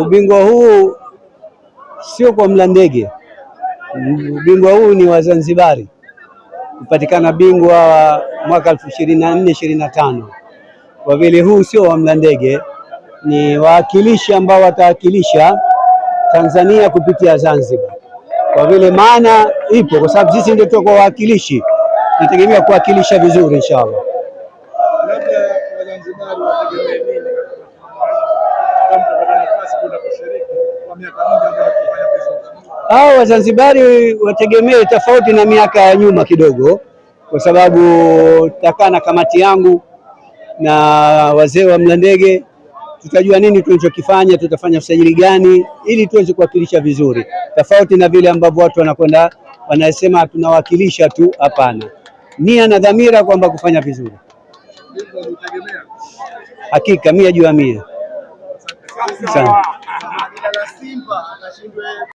Ubingwa huu sio kwa mla ndege, ubingwa huu ni wa Zanzibari kupatikana bingwa wa mwaka elfu ishirini na nne ishirini na tano kwa vile huu sio wa mla ndege, ni wawakilishi ambao watawakilisha Tanzania kupitia Zanzibar. Kwa vile maana ipo, kwa sababu sisi ndio tuko wawakilishi, nategemea kuwakilisha vizuri inshallah. Labda Wazanzibari wategemee nini? na Hao Wazanzibari wategemee tofauti na miaka ya nyuma kidogo, kwa sababu tutakaa na kamati yangu na wazee wa Mlandege, tutajua nini tunachokifanya, tutafanya usajili gani ili tuweze kuwakilisha vizuri, tofauti na vile ambavyo watu wanakwenda wanasema tunawakilisha tu. Hapana, nia na dhamira kwamba kufanya vizuri, hakika mia juu ya mia sana